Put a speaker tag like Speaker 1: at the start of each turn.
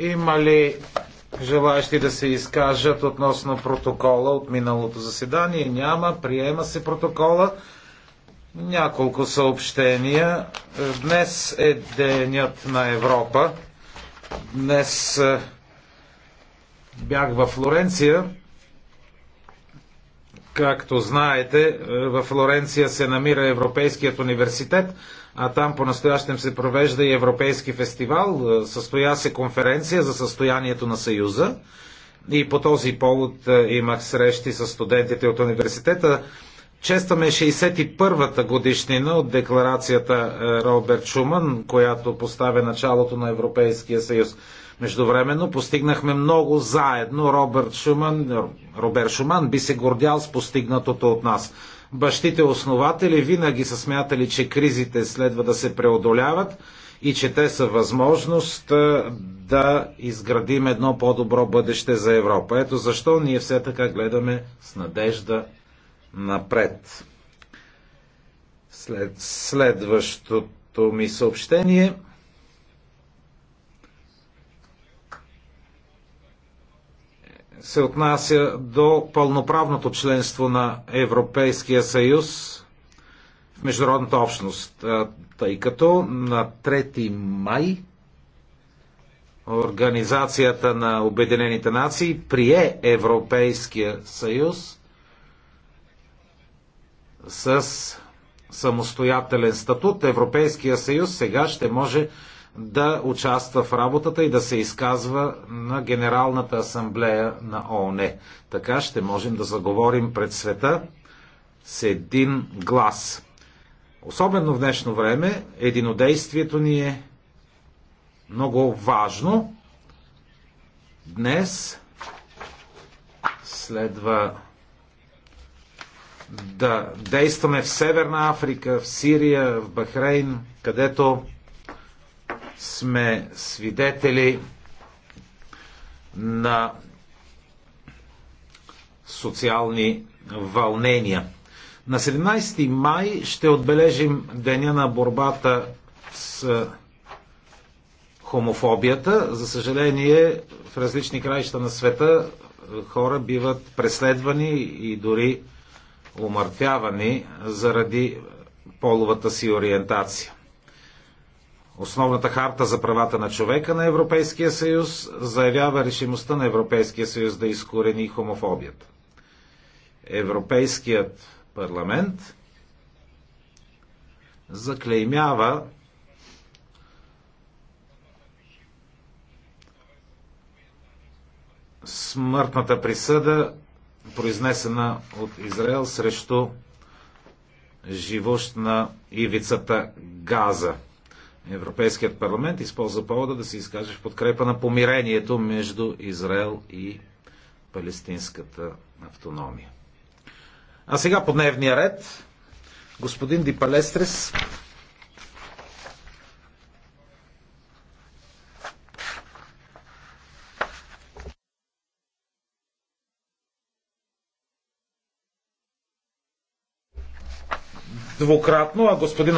Speaker 1: Има ли желаящи да се изкажат относно протокола от миналото заседание? Няма. Приема се протокола. Няколко съобщения. Днес е Денят на Европа. Днес е, бях във Флоренция. Както знаете, е, в Флоренция се намира Европейският университет, а там по-настоящем се провежда и Европейски фестивал. Е, състоя се конференция за състоянието на Съюза и по този повод е, имах срещи с студентите от университета. Честваме 61-та годишнина от декларацията е, Роберт Шуман, която поставя началото на Европейския съюз. Междувременно постигнахме много заедно. Роберт Шуман, Роберт Шуман би се гордял с постигнатото от нас. Бащите основатели винаги са смятали, че кризите следва да се преодоляват и че те са възможност е, да изградим едно по-добро бъдеще за Европа. Ето защо ние все така гледаме с надежда напред. След следващото ми съобщение се отнася до пълноправното членство на Европейския съюз в международната общност, тъй като на 3 май Организацията на Обединените нации прие Европейския съюз с самостоятелен статут, Европейския съюз сега ще може да участва в работата и да се изказва на Генералната асамблея на ООН. Така ще можем да заговорим пред света с един глас. Особено в днешно време единодействието ни е много важно. Днес следва да действаме в Северна Африка, в Сирия, в Бахрейн, където сме свидетели на социални вълнения. На 17 май ще отбележим Деня на борбата с хомофобията. За съжаление, в различни краища на света хора биват преследвани и дори умъртвявани заради половата си ориентация. Основната харта за правата на човека на Европейския съюз заявява решимостта на Европейския съюз да изкорени хомофобията. Европейският парламент заклеймява смъртната присъда произнесена от Израел срещу живущ на ивицата Газа. Европейският парламент използва повода да се изкаже в подкрепа на помирението между Израел и палестинската автономия. А сега по дневния ред господин Дипалестрес двукратно, а господин